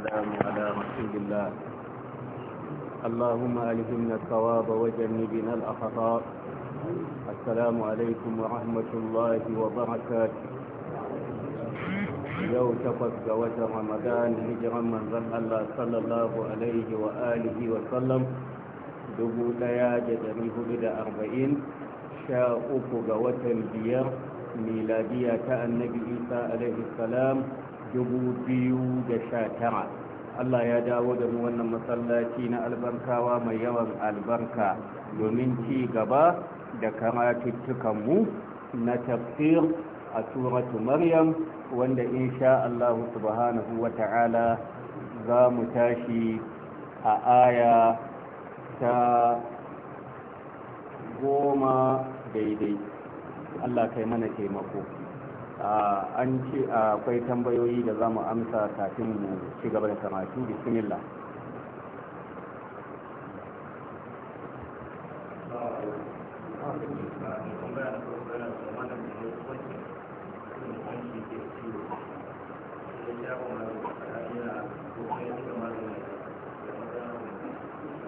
والسلام على رسول الله اللهم ألهمنا الثواب وجنبنا الأخطاء السلام عليكم ورحمة الله وبركاته yau takwas ga watan ramadan hijiran manzon Allah sallallahu alaihi wa alihi wa sallam dubu daya da dari hudu da arba'in sha uku ga watan biyar miladiya ta annabi isa 2019 Allah ya dawo da mu wannan masallaci na albarkawa mai yawan albarka domin ci gaba da karatuttukanmu na tafsir a suratu maryam wanda insha Allah subhanahu wa ta'ala za mu tashi a aya ta goma daidai Allah kai mana taimako an ce akwai tambayoyi da za mu amsa kafin mu ci gaba da karatu bismillah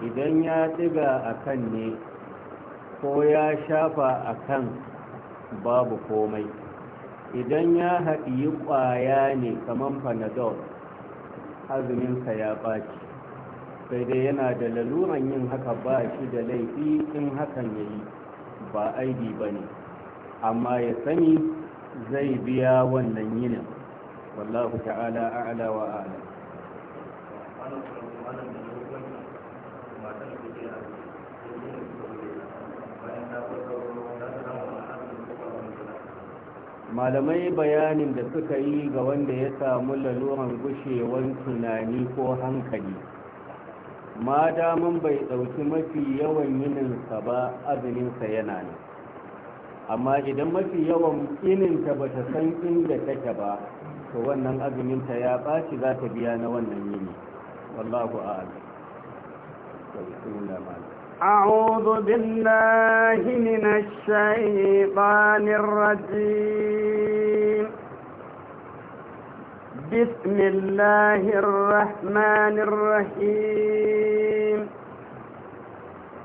idan ya tsiga a kan ne ko ya shafa a kan babu komai idan ya haɗiyi ƙwaya ne kamar panadol azuminsa ya ɓaci sai dai yana da laluran yin haka ba shi da laifi in hakan ya yi ba aibi ba ne amma ya sani zai biya wannan yinin wallahu ta'ala a'ala wa a'ala malamai bayanin da suka yi ga wanda ya samu laluran bushewan tunani ko hankali ma damun bai ɗauki mafi yawan yininsa ba azuminsa yana ne amma idan mafi yawan ininta ba ta san inda take ba to wannan azuminta ya ɓaci za ta biya na wannan yini wallahu a'ala أعوذ بالله من الشيطان الرجيم بسم الله الرحمن الرحيم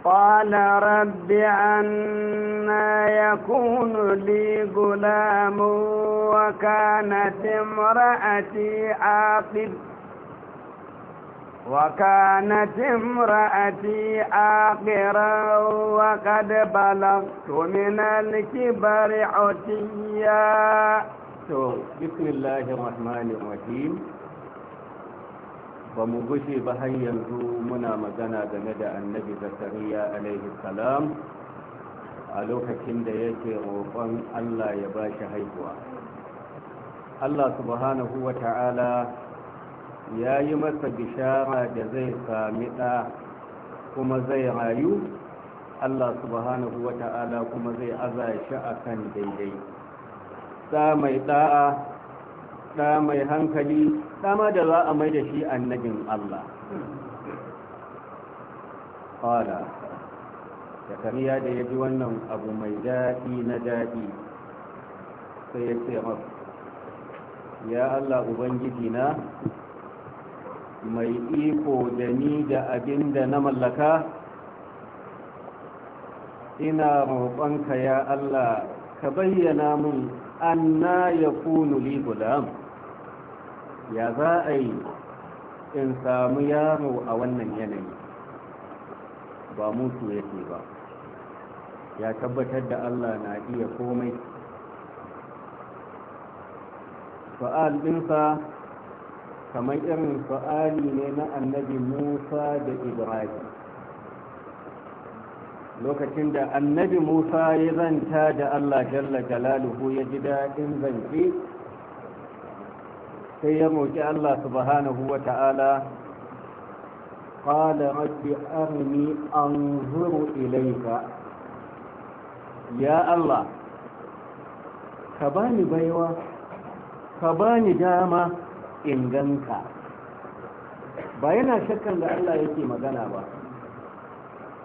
قال رب عنا يكون لي غلام وكانت امرأتي عاقب وكانت امرأتي آخرا وقد بلغت من الكبر عتيا بسم الله الرحمن الرحيم ba mu gushe ba har yanzu muna magana game da annabi zakariya alaihi a lokacin da yake roƙon allah ya ba shi haihuwa allah subhanahu wa ta'ala ya yi masa bishara da zai sami ɗa kuma zai rayu allah subhanahu wa ta'ala kuma zai aza shi a kan daidai ɗa mai ɗa'a ɗa mai hankali ɗama da za a mai da shi annabin allah ƙwada kariya da ya ji wannan abu mai daɗi na daɗi sai ya ce ya allah ubangiji na mai iko da ni da abin da na mallaka ina roƙonka ya Allah ka bayyana mun anna ya kunu li gulam ya za a yi in samu yaro a wannan yanayi ba mutu yake ba ya tabbatar da Allah na iya komai fa'al ɗinsa kamar irin su'ali ne na annabi musa da ibrahim lokacin da annabi musa ya zanta da allah jalla jalaluhu ya ji daɗin zance sai ya roƙi allah subhanahu wa ta'ala قال رب أرني أنظر إليك يا الله ka bani baiwa ka bani dama in ganka ba yana shakkan da Allah yake magana ba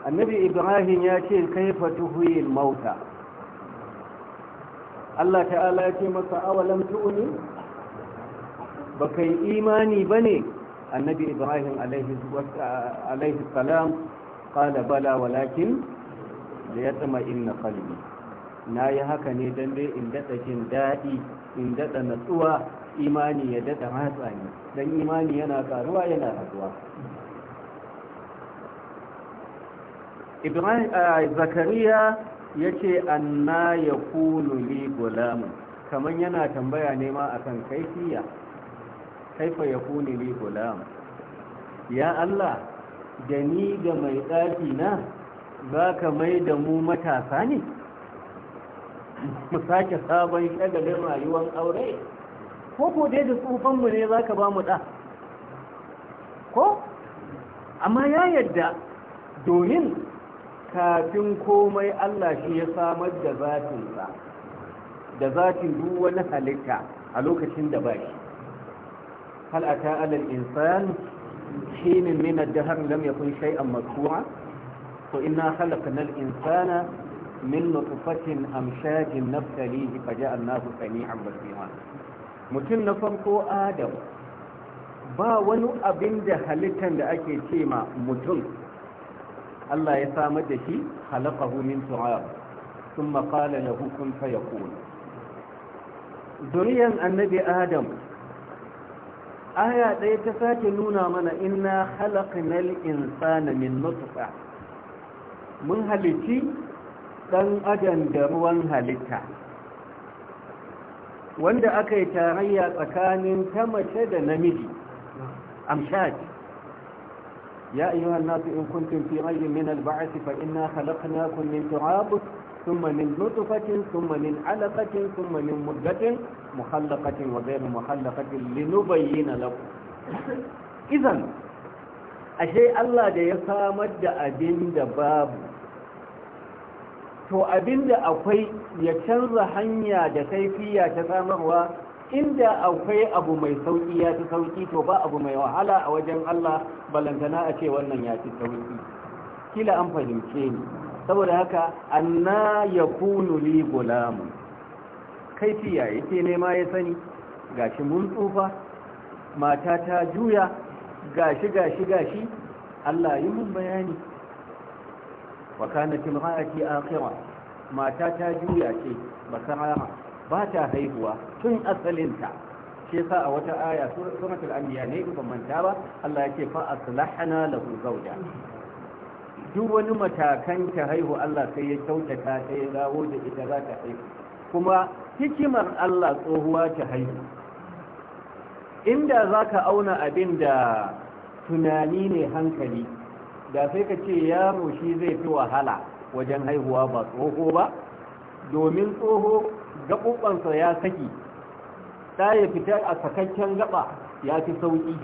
annabi ibrahim ya ce fa tuhuyin mauta Allah ta'ala ya ce masa awalam tu'uni ba kai imani ba ne annabi ibrahim alaihi salam kala bala walakin da ya tsama inna kalbi na yi haka ne don dai in daɗa jin daɗi in daɗa natsuwa imani ya daɗa matsa ne don imani yana karuwa yana raguwa zakariya ya ce anna ya kunu li gulamun kamar yana tambaya nema akan kaifiya kaifa ya kunu li gulamun ya Allah da ni ga mai ɗaki na za ka mai da mu matasa ne mu sake sabon shagalin rayuwar aure ko ko dai da tsufanmu ne za ka ba mu ɗa ko amma ya yadda domin kafin komai Allah shi ya samar da zafinsa da zatin duk wani halitta a lokacin da ba shi hal ata alal insan hinin min ad-dahr lam yakun shay'an mazkura to inna na insana min nutfatin amshajin nabtalihi faja'alnahu sami'an basira mutum na farko adam ba wani abin da halittar da ake ce ma mutum Allah ya samar da shi halakahu min turab sun maƙala na hukun fayakun zuriyan annabi adam aya ɗaya ta sake nuna mana inna halaknal insana min nutfa mun halitti ɗan adam da ruwan halitta wanda aka yi tarayya tsakanin ta mace da namiji amshad ya ayyuha an-nasu in kuntum fi rayyin min al fa inna khalaqnakum min turab ثم من نطفة ثم من علقة ثم من مدة محلقة وغير محلقة لنبين لكم إذن ashe Allah da ya samar da abinda babu to abinda akwai ya canza hanya da kaifiya ta samarwa inda akwai abu mai sauki ya fi sauki to ba abu mai wahala a wajen Allah balantana a ce wannan ya fi sauki kila an fahimce ni saboda haka anna yakunu li gulam kaifiya yake nema ya sani gashi mun tsufa mata ta juya gashi gashi gashi Allah yi mun bayani wa kanat imra'ati akhira mata ta juya ce bakarara ba ta haihuwa tun asalinta ke sa a wata aya suratul anbiya ne ban manta ba Allah yake fa aslahna lahu zawja duk wani matakan ta haihu Allah sai ya kyautata ta ya gawo da ita za ta haihu kuma hikimar Allah tsohuwa ta haihu inda za ka auna abin da tunani ne hankali da sai ka ce yaro shi zai fi wahala wajen haihuwa ba tsoho ba domin tsoho gaɓuɓɓansa ya saki ta ya fita a sakakken gaɓa ya fi sauƙi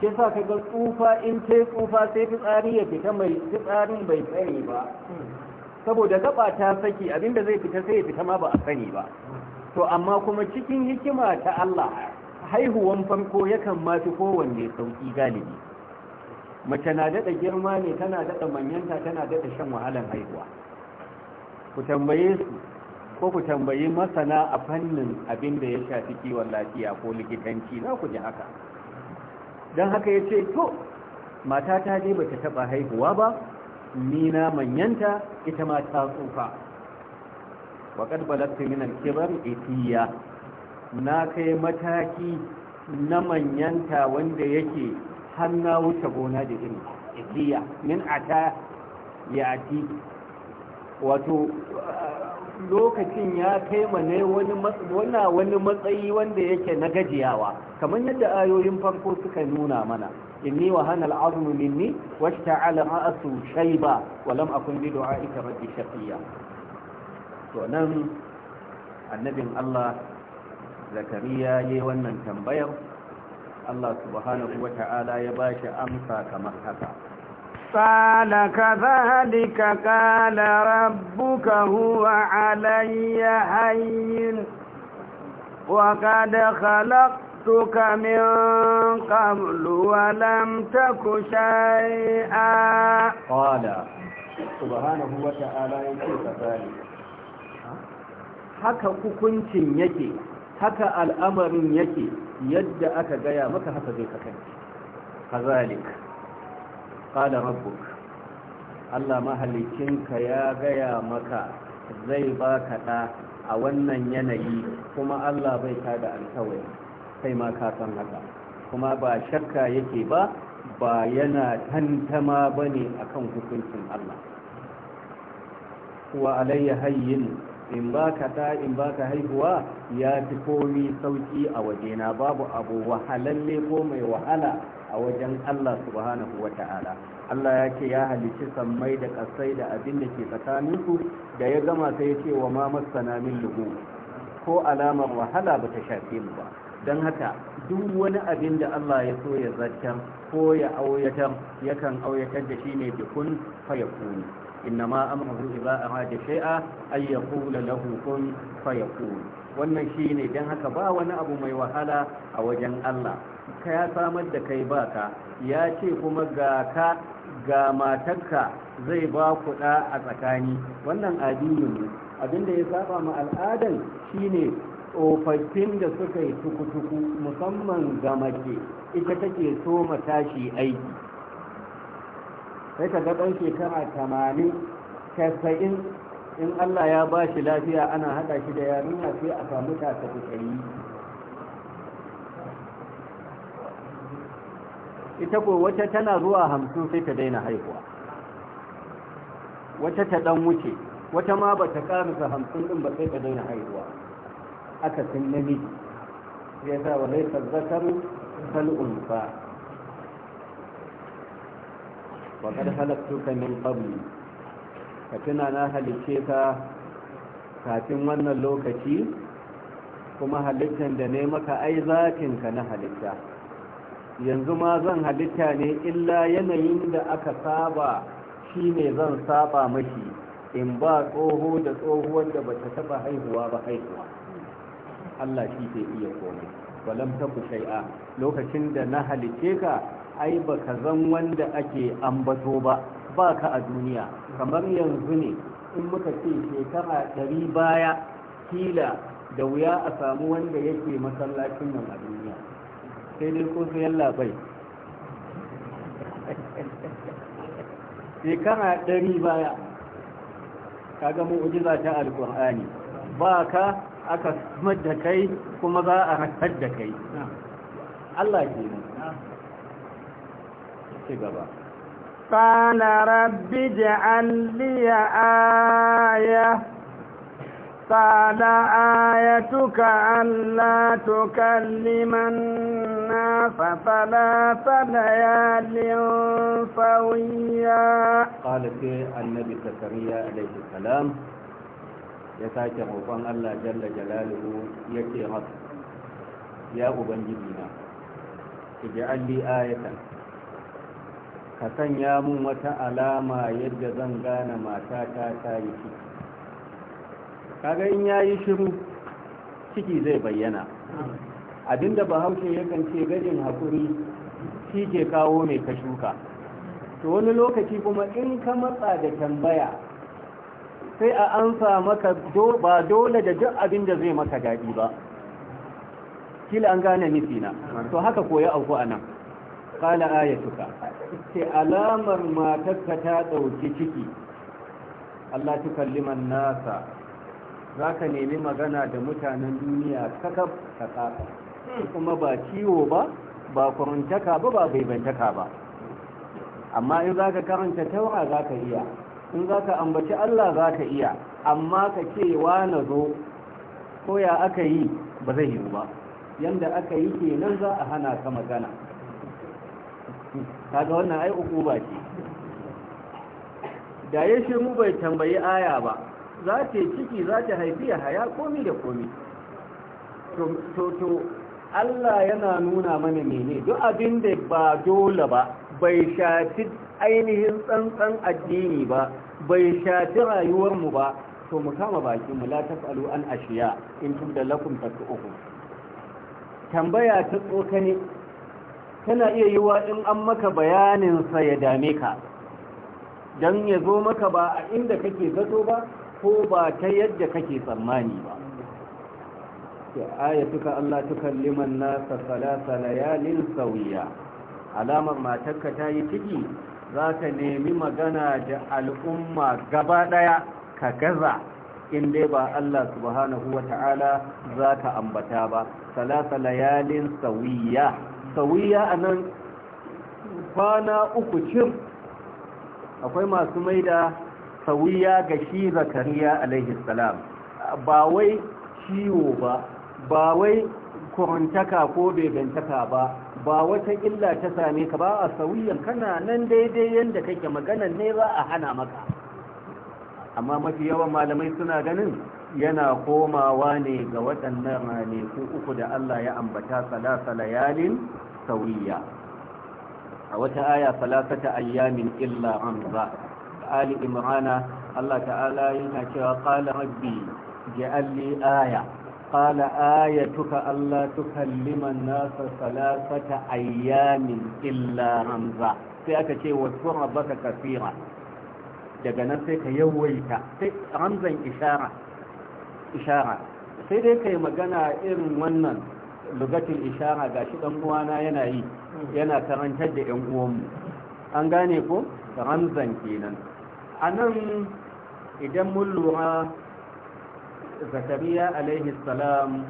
ke sa ka ga tsufa in ce tsufa sai fitsari ya fita mai tsari bai tsari ba saboda gaɓa ta saki abinda zai fita sai ya fita ma ba a sani ba to amma kuma cikin hikima ta Allah haihuwan farko yakan mafi kowanne sauƙi galibi mace na daɗa girma ne tana daɗa manyanta tana daɗa shan wahalar haihuwa ku tambaye su ko ku tambayi masana a fannin abin da ya shafi kiwon lafiya ko likitanci za ku ji haka don haka ya ce to mata ta je ba ta taɓa haihuwa ba ni na manyanta ita ma ta tsufa waƙar balakta min alkibar itiya na kai mataki na manyanta wanda yake har na wuce gona da iri ikiya min ata ya ati wato uh, lokacin ya kai mane wani wana wani matsayi wanda yake na gajiyawa kamar yadda ayoyin farko suka nuna mana inni wa hanal azmu minni washta'ala ra'su shayba wa lam akun bi ita rabbi shafiya to nan annabin Allah zakariya yi wannan tambayar Allah subhanahu wa ta'ala ya ba shi amsa kamar haka قال كذلك ka ربك هو علي هين وقد خلقتك من قبل ولم تك شيئا قال سبحانه وتعالى كذلك haka hukuncin yake haka al'amarin yake yadda aka gaya maka haka zai kasance kazalik qala rabbuk Allah ka ya gaya maka zai baka da a wannan yanayi kuma Allah bai ka da alkawari sai ma ka san haka kuma ba shakka yake ba ba yana tantama bane akan hukuncin Allah wa alayya hayyin in ba ka ta in ba ka haihuwa ya fi komi sauki a wajena babu abu wahalalle ko mai wahala a wajen Allah subhanahu wa ta'ala Allah ya ce ya halicci sammai da ƙasai da abin da ke tsakaninsu da ya gama sai ya ce wa ma masana min lugu ko alamar wahala ba ta shafe mu ba dan haka duk wani abin da Allah ya so ya zartar ko ya auyatar yakan auyatar da shi ne bikun fayakuni إنما أمره إذا أراد شيئا أن يقول له كن فيقول wannan shi ne don haka ba wani abu mai wahala a wajen Allah ka ya samar da kai baka ya ce kuma ga ka ga matarka zai ba kuɗa a tsakani wannan addinin ne abinda ya saba ma al'adan shine tsofaffin da suka yi tukutuku musamman ga mace ita take so tashi aiki sai ka ga ɗan shekara tamanin casa'in in allah ya ba shi lafiya ana haɗa shi da yarinya sai a samu tasa ɗari ita ko wata tana zuwa hamsin sai ta daina haihuwa wata ta ɗan wuce wata ma ba ta ƙarisa hamsin ɗin ba sai ta daina haihuwa aka sun namiji ya sa wa laifar zakaru ba. wa kad min qabli ka tuna na halice ka kafin wannan lokaci kuma halittan da ne maka ai zakin ka na halitta yanzu ma zan halitta ne illa yanayin da aka saba shi ne zan saba mashi in ba tsoho da tsohuwar da bata taba haihuwa ba haihuwa Allah shi ke iya komai walam ku shay'a lokacin da na halice ka ai ba ka zan wanda ake ambato ba ba ka a duniya kamar yanzu ne in muka ce shekara ɗari baya kila da wuya a samu wanda yake masallacin nan a duniya sai dai ko sai yalla bai shekara ɗari baya ka ga mu'ujiza ta alƙur'ani ba ka aka da kai kuma za a rasar da kai Allah ke nan كبرا قال رب اجعل لي آية قال آيتك ألا تكلم الناس ثلاث ليال صويا قال في النبي زكريا عليه السلام يتاكي خوفان الله جل جلاله يتي يا أبن جبينا اجعل لي آية ka sanya mun wata alama yadda zan gane matata ta yi ciki kaga in yayi shiru ciki zai bayyana abinda bahaushe yakan ce gajin hakuri shi ke kawo mai ka shuka to wani lokaci kuma in ka matsa da tambaya sai a ansa maka ba dole da duk abinda zai maka daɗi ba kila an gane nufina to haka ya auku a nan ƙala ayatuka ce alamar matarka ta ɗauki ciki Allah ta kalliman nasa za ka nemi magana da mutanen duniya kakaf kasa kuma ba ciwo ba ba kurantaka ba ba baibantaka ba amma in za ka karanta taura za ka iya in za ka ambaci Allah za ka iya amma ka ce wa na zo ko ya aka yi ba zai yi ba yanda aka yi kenan za a hana ka magana kaga wannan ai uku ba ce da ya shi mu bai tambayi aya ba za ta ciki za ta haifi ya haya komi da komi to Allah yana nuna mana mene duk abin da ba dole ba bai shafi ainihin tsantsan addini ba bai shafi rayuwarmu ba to mu kama bakinmu la tafalu an ashiya in tunda lakum uku. tambaya ta tsokane tana iya yiwa in an maka bayaninsa ya dame ka don ya zo maka ba a inda kake zato ba ko ba ta yadda kake tsammani ba tuka Allah liman nasa salasa layalin sauya alamar matarka ta yi ciki za ka nemi magana da al'umma gaba daya ka gaza in dai ba Allah subhanahu wa ta'ala za ka ambata ba salasa layalin sauya sawiya a nan kwana uku cir akwai masu mai da sawiya ga shi zakariya alaihi salam ba wai ciwo ba ba wai kurantaka ko bebentaka ba ba wata illa ta same ka ba a sauyin kana nan daidai yadda kake magana ne ba a hana maka amma mafi yawan malamai suna ganin yana komawa ne ga waɗannan ranaku uku da Allah ya ambata salasa layalin sauriya a wata aya salasata ayyamin illa ramza ali imrana Allah ta'ala yana cewa qala rabbi ja'al li aya qala ayatuka Allah tukallima an-nasa salasata ayyamin illa ramza sai aka ce wa rabbaka kaseera daga nan sai ka yawaita sai ramzan ishara. ishara sai dai kai magana irin wannan lugatin ishara ga shi uwana yana yi yana karantar da ‘yan uwanmu an gane ko ramzan kenan a nan idan mun lura zakariya alaihi salam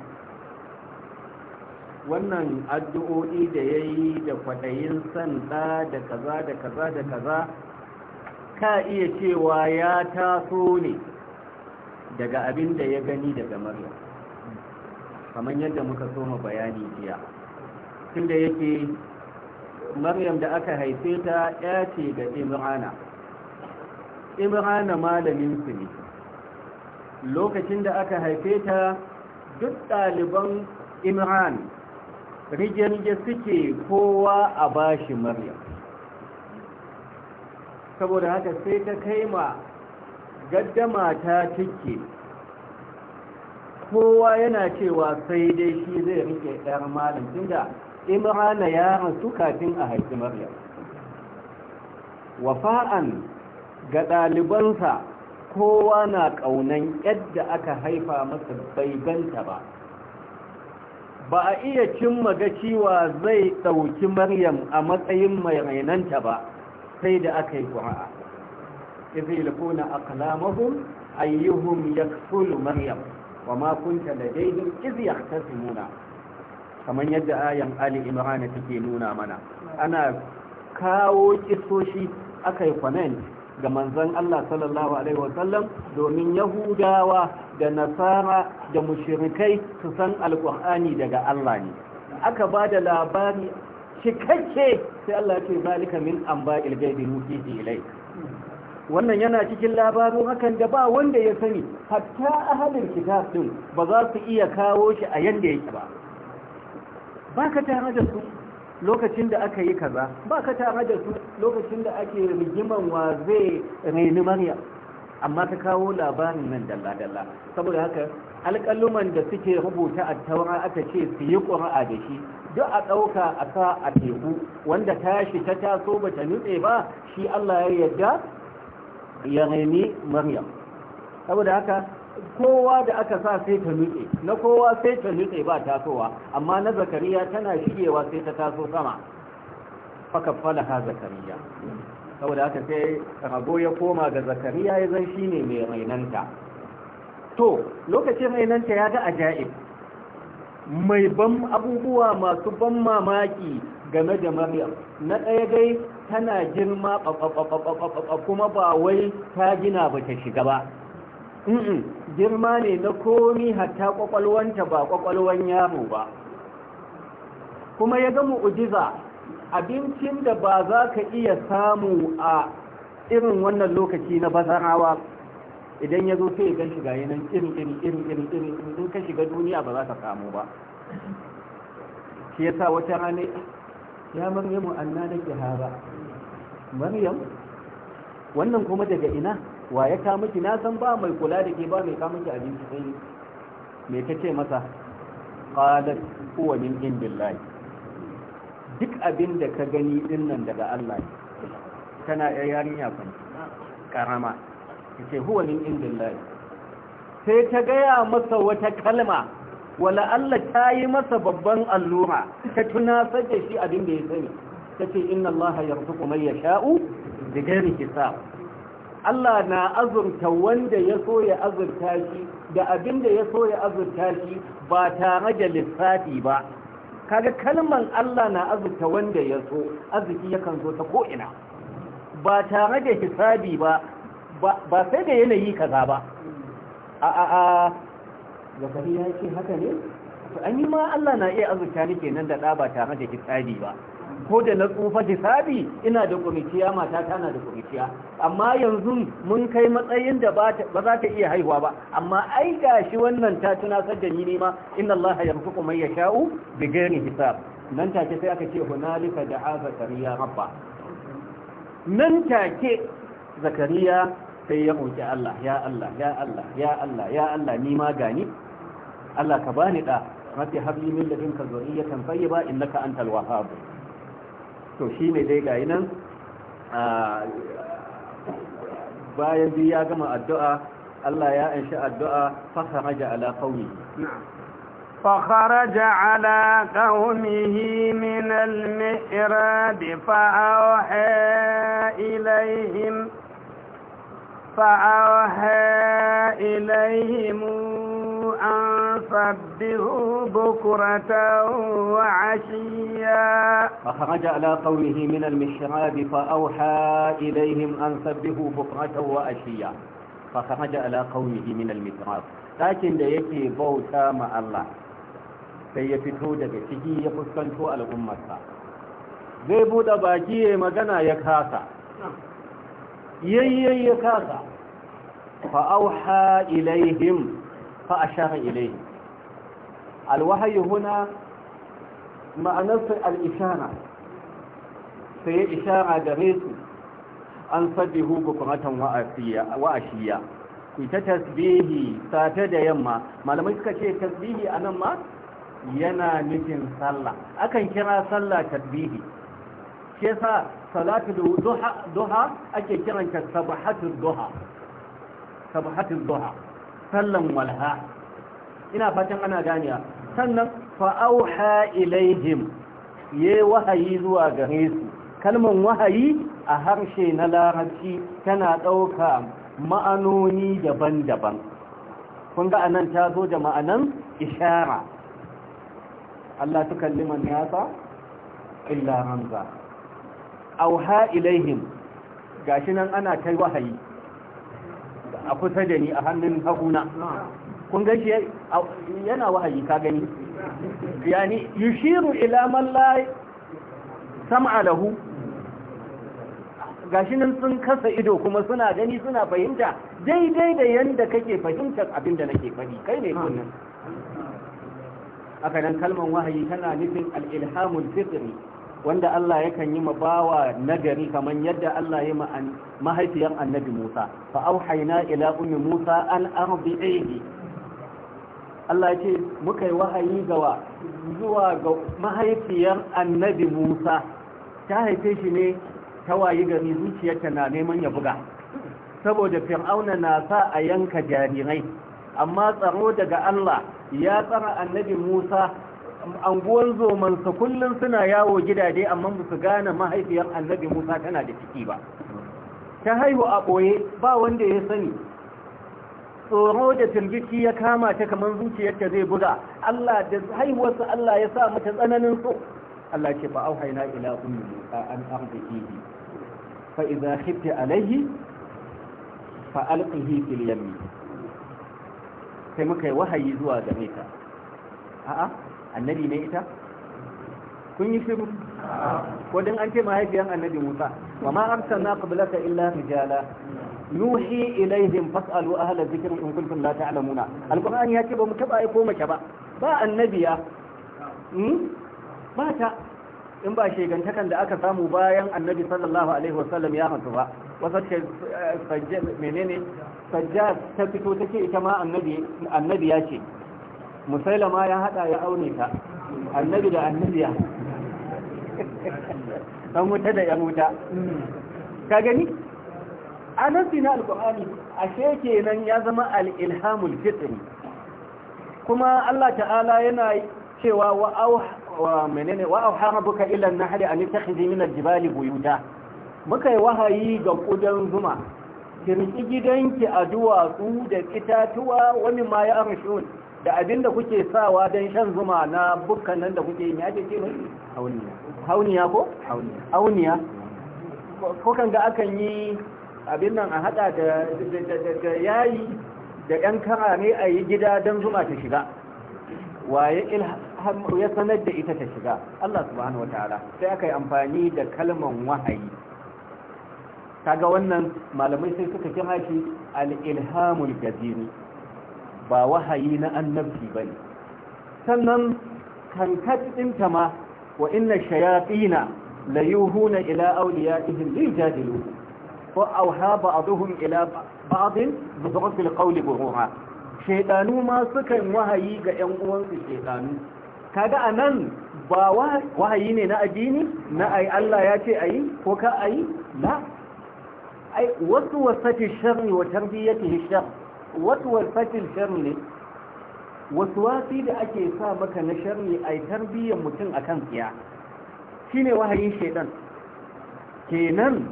wannan addu'o'i da ya yi da kwaɗayin sanda da kaza da kaza da kaza ka iya cewa ya taso ne daga abin da ya gani daga maryam kamar yadda muka soma bayani jiya tunda yake maryam da aka haife ta ya ce ga imrana imrana malamin su ne lokacin da aka haife ta duk ɗaliban imran rige-rige suke kowa a bashi maryam saboda haka sai ta kai ma gaddama ta take kowa yana cewa sai dai shi zai rike ɗan malam tunda imrana ya rasu kafin a haifi maryam wafa'an ga ɗalibansa kowa na ƙaunan yadda aka haifa masa bai ganta ba ba a iya cimma ga cewa zai ɗauki maryam a matsayin mai rainanta ba sai da aka yi ƙura'a إذ يلقون أقلامهم أيهم يكفل مريم وما كنت لديهم إذ يختصمون kamar yadda ayan Ali Imran take nuna mana ana kawo kisoshi akai kwanan ga manzon Allah sallallahu alaihi wasallam domin Yahudawa da Nasara da mushrikai su san alqur'ani daga Allah ne aka ba da labari cikakke sai Allah ya ce zalika min anba'il ghaibi nuhihi ilayka wannan yana cikin labarin hakan da ba wanda ya sani hatta ahalin kitab din ba za su iya kawo shi a yanda yake ba ba ka tare da su lokacin da aka yi kaza ba ka tare da su lokacin da ake rigiman wa zai reni maryam amma ta kawo labarin nan dalla-dalla saboda haka alƙaluman da suke rubuta a taura aka ce su yi ƙura'a da shi duk a ɗauka a sa a teku wanda tashi ta taso ba ta nutse ba shi Allah ya yarda ya nemi maryam saboda haka kowa da aka sa sai ta nutse na kowa sai ta nutse ba tasowa amma na zakariya tana shigewa sai ta taso sama fala ha zakariya saboda haka sai rago ya koma ga zakariya ya zan ne mai rainanta to lokacin rainanta ya ga ajaib mai ban abubuwa masu ban mamaki game da maryam na ɗaya dai tana girma kuma ba wai ta gina ba ta shiga ba girma ne na komi hatta kwakwalwanta ba kwakwalwan yaro ba kuma ya gama ujiza abincin da ba za ka iya samu a irin wannan lokaci na bazarawa idan ya zo sai gan shiga yanan irin irin irin irin irin in ka shiga duniya ba za ka samu ba shi sa wata rana ya maryamu anna nake haba maryam wannan kuma daga ina wa ya ka miki na san ba mai kula da ke ba mai ka miki abinci sai me kace masa qalat huwa min indillahi duk abin da ka gani din nan daga Allah kana yarinya kan karama kace huwa min indillahi sai ta gaya masa wata kalma wala Allah ta yi masa babban allura ta tuna da shi abin da ya sani ta ce inna Allah ya rufu kuma ya sha'u da hisab Allah na azurta wanda ya so ya azurta shi da abin da ya so ya azurta shi ba tare da lissafi ba kaga kalman Allah na azurta wanda ya so arziki yakan zo ta ko'ina ba tare da hisabi ba ba sai da yanayi kaza ba a a a zakariya ya ce haka ne to an yi ma Allah na iya azurta ni kenan da ɗa ba tare da hisabi ba ko da na tsufa hisabi ina da ƙuriciya mata tana da ƙuriciya amma yanzu mun kai matsayin da ba za ta iya haihuwa ba amma ai shi wannan ta tuna da ni ne ma inna Allah ya rufu kuma ya sha'u bi gani hisab nan ta ce sai aka ce hunalika da kariya rabba nan take zakariya sai ya roki Allah ya Allah ya Allah ya Allah ya Allah ni ma gani Allah ka bani da rabbi habli min da ladunka zurriyatan tayyiba innaka antal wahhab to shine dai gayi nan bayan bi ya gama addu'a Allah ya anshi addu'a fa kharaja ala qawmi فخرج على قومه من المئراب فأوحى إليهم فأوحى إليهم أن سبهوا بكرة وعشيا فخرج على قومه من المحراب فأوحى إليهم أن سبهوا بكرة وعشيا فخرج على قومه من المحراب لكن da yake bauta ma Allah sai ya fito daga ciki ya fuskanto al'ummarsa zai buɗe baki ya magana ya kasa yayyayi ya kasa fa'auha ilaihim فأشار إليه الوحي هنا معنى الإشارة في إشارة جريس أن صده بكرة وأشياء ita tasbihi sata da yamma malamai suka ce tasbihi a nan ma yana nufin sallah akan kira sallah tasbihi ke sa salatu duha ake kiranta sabahatul duha duha sallan walha ina fatan ana ganiya sannan fa'auha ilaihim Ye wahayi zuwa gare su kalman wahayi a harshe na larabci tana ɗauka ma'anoni daban-daban kun ga anan ta zo da ma'anan ishara Allah ta kalliman nasa illa ramza auha ilaihim gashi nan ana kai wahayi a kusa da ni a hannun haguna kun ga shi yana wahayi ka gani yani yushiru ila man la sam'a lahu gashi nan sun kasa ido kuma suna gani suna fahimta daidai da yanda kake fahimtar abin da nake faɗi kai ne kunnan haka nan kalman wahayi tana nufin al-ilhamul fitri wanda Allah yakan yi ma bawa nagari kamar yadda Allah ya mahaifiyar annabi Musa fa auhayna ila ummi Musa an arbi'ihi Allah ya ce muka yi wahayi gawa zuwa ga mahaifiyar annabi Musa ta haife shi ne ta wayi gari zuciyarta na neman ya buga saboda fir'auna na sa a yanka jarirai amma tsaro daga Allah ya tsara annabi Musa anguwan zomansa kullum suna yawo gidaje amma ba su gane mahaifiyar annabi musa tana da ciki ba ta haihu a ɓoye ba wanda ya sani tsoro da tilbiki ya kama ta kamar zuciyarta zai buga Allah da haihuwarsa Allah ya sa mata tsananin so Allah ce fa na ila ummi musa an arzihi fa idza khifti alayhi fa alqihi fil yammi sai muka yi wahayi zuwa gare ta a'a annabi ne ita kun yi shiru ko dan an ce mahaifiyan annabi Musa wa ma arsalna qablaka illa rijala nuhi ilaihim fasalu ahla dhikr in kuntum la ta'lamuna alqur'ani ya ce ba mu taba aiko mace ba ba annabiya ba hmm? ta in ba shegantakan da aka samu bayan annabi sallallahu alaihi wasallam ya mutu ba wasa ce eh, menene sajjad ta fito take ita ma annabi annabiya ce musailama ya hada ya aure ta annabi da annabiya dan wuta da yan wuta ka gani anasi na alqur'ani ashe kenan ya zama al'ilhamul fitri kuma Allah ta'ala yana cewa wa wa menene wa auha rabbuka ila an-nahli an takhudhi min al-jibali buyuta muka yi wahayi ga ƙudan zuma kirki gidanki a duwatsu da itatuwa wani ma ya arshun da abin da kuke sawa don shan zuma na bukkan nan da kuke yi ake ce mai? hauniya hauniya ko? hauniya ko kan ga akan yi abin nan a hada da yayi da yan kara ne a yi gida don zuma ta shiga waye ya sanar da ita ta shiga Allah subhanahu wa ta'ala sai aka yi amfani da kalman wahayi kaga wannan malamai sai suka kira shi al-ilhamul ba wahayi na annabci ne. sannan kankat ɗinta ma wa inna shayatina la yuhuna ila awliyaihim lijadilu wa awha ba'dhum ila ba'dhin bi dhurfi alqawli buruha shaydanu ma sukan wahayi ga ƴan uwansu shaydanu kaga nan ba wahayi ne na addini na ai Allah ya ce ayi ko ka ayi la ai wasu wasati sharri wa tarbiyatihi sharri watuwar fatin sharri wasu wasi da ake sa maka na sharri ai tarbiyyar mutum akan kan tsiya shi ne wahayin shaidan kenan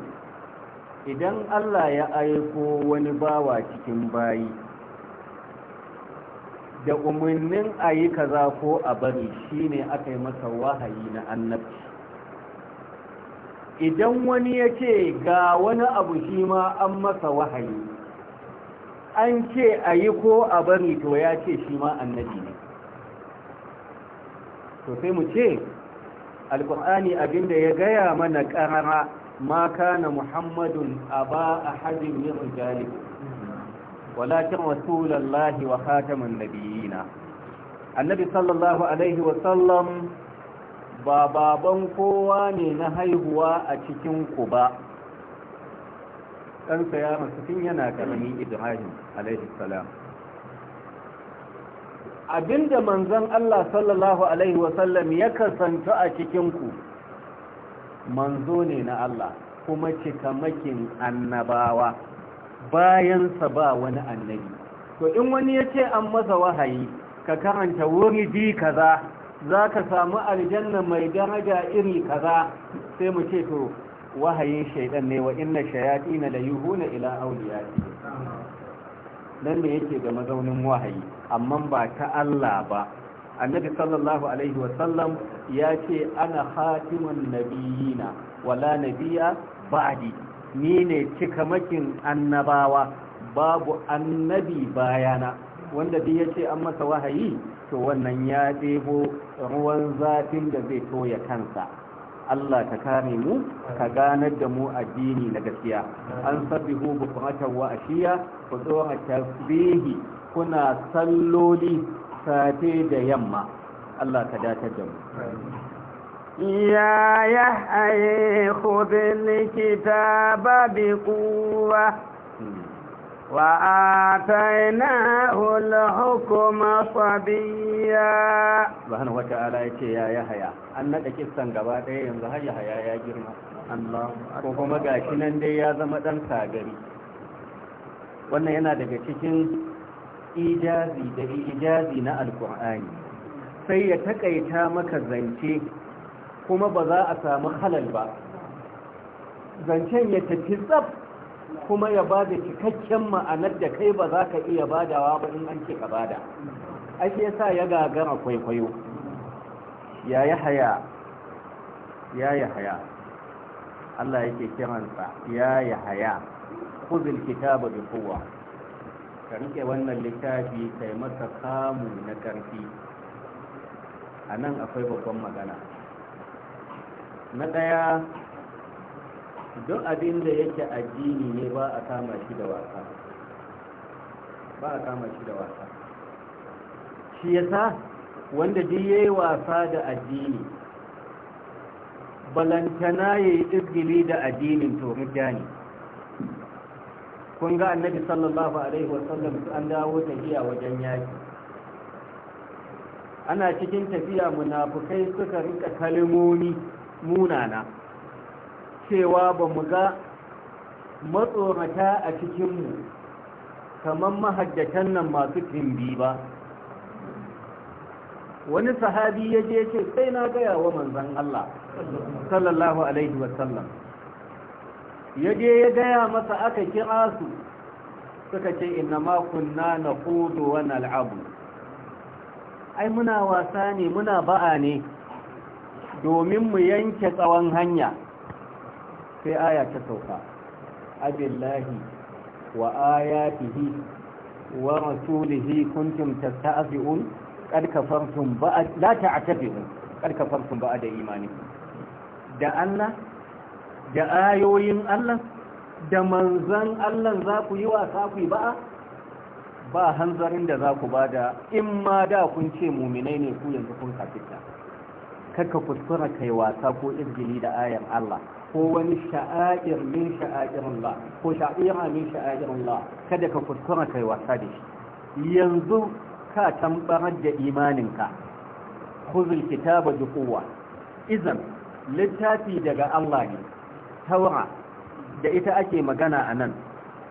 idan allah ya aiko wani bawa cikin bayi da umarnin a yi kaza ko a bari shi ne aka yi masa wahayi na annabci idan wani ya ce ga wani abu shi ma an masa wahayi an ce a yi ko a bari to ya ce shi ma annabi ne to sai mu ce Alƙur'ani abinda ya gaya mana karara ma kana muhammadun aba ahadin min rijalikum walakin rasulullahi wa khataman nabiyina annabi sallallahu alaihi wa sallam ba baban kowa ne na haihuwa a cikin ku ba ɗansa ya masu tun yana ƙaramin ibrahim alaihi salam abinda manzon Allah sallallahu alaihi wasallam ya kasanta a cikinku manzo ne na Allah kuma cikamakin annabawa bayansa ba wani annabi to in wani ya ce an masa wahayi ka karanta wuri bi kaza za ka samu aljanna mai daraja iri kaza sai mu ce to wahayin shaidan ne wa inna shayatina la na ila ce nan ne yake da mazaunin wahayi amma ba ta Allah ba annabi sallallahu alaihi wa sallam ya ce ana khatimun nabiyina wala nabiya ba'di ni ne cikamakin annabawa babu annabi bayana wanda duk yace an masa wahayi to wannan ya debo ruwan zafin da zai toya kansa Allah ka kare mu ka ganar da mu addini na gaskiya an sabbihu bukuratan wa ashiya ku tsohon tasbihi kuna salloli safe da yamma Allah ka datar da mu يا يحيى خذ الكتاب بقوه وآتيناه الحكم صبيا سبحانه وتعالى يتي يا يحيى أنك كسان غبا ɗaya yanzu har Yahaya ya girma Allah ko kuma gashi nan dai ya zama ɗan kagari wannan yana daga cikin ijazi da ijazi na alkur'ani sai ya taƙaita maka zance kuma ba za a samu halal ba zancen ya tafi tsaf kuma ya ba da cikakken ma'anar da kai ba za ka iya badawa ba in an ce ka bada ake sa ya gagara kwaikwayo ya yi haya ya yi haya Allah yake kiransa ya yi haya kuzil ba bi kowa ka rike wannan littafi kai masa kamu na ƙarfi a nan akwai babban magana na ɗaya duk abin da yake addini ne ba a kama shi da wasa ba a kama shi da wasa shi yasa wanda duk yayi wasa da addini balantana yayi izgili da addinin to mutane kun ga annabi sallallahu alaihi wasallam an dawo tafiya wajen yaki ana cikin tafiya munafukai suka rika kalmomi munana cewa ba mu ga matsorata a cikinmu kamar mahajjatan nan masu timbi ba wani sahabi ya je ce sai na gaya wa manzan Allah sallallahu alaihi wasallam ya je ya gaya masa aka kira su suka ce inna ma kunna na hudu wa al'abu ai muna wasa ne muna ba'a ne domin mu yanke tsawon hanya sai aya ta sauka abillahi wa ayatihi wa rasulihi kuntum tasta'zi'un qad kafartum ba la ta'tabiru qad kafartum ba da imani da Allah da ayoyin Allah da manzan Allah za ku yi wasa ku yi ba'a ba hanzarin da za ku bada in ma da kun ce muminai ne ku yanzu kun kafita kakka kuskura kai wasa ko izgili da ayan Allah ko wani sha'air min sha'a'ir Allah ko sha'ira min sha'a'ir Allah kada ka kuskura kai wasa da shi yanzu ka tambarar da imaninka khuzul kitaba bi quwwa izan littafi daga Allah ne taura da ita ake magana anan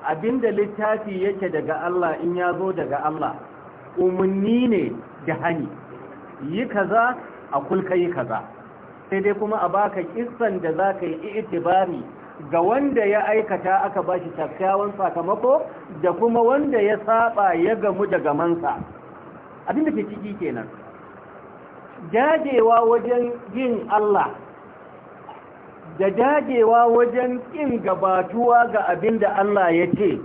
abinda littafi yake daga Allah in ya zo daga Allah umunni ne da hani yi kaza a kulka yi kaza sai dai kuma a baka kissan da za ka yi itibari ga wanda ya aikata aka ba shi kyakkyawan sakamako da kuma wanda ya saba ya gamu da gamansa abinda ke ciki kenan dajewa wajen yin Allah da dajewa wajen yin gabatuwa ga abinda Allah ya ce